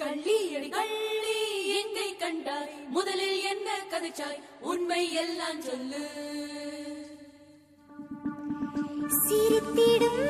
கள்ளியடி கள்ளி எங்கை கண்டாய் முதலில் என்ன கதைச்சாய் உண்மை எல்லாம் சொல்லு சிரித்திடும்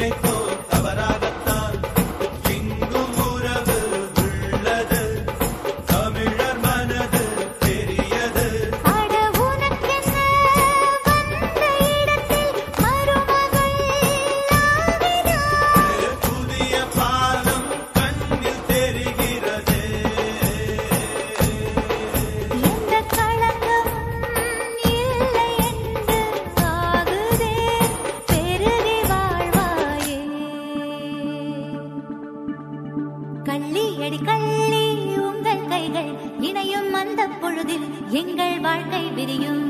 make கள்ளி அடி கள்ளி உங்கள் கைகள் இணையும் அந்த பொழுதில் எங்கள் வாழ்க்கை விரியும்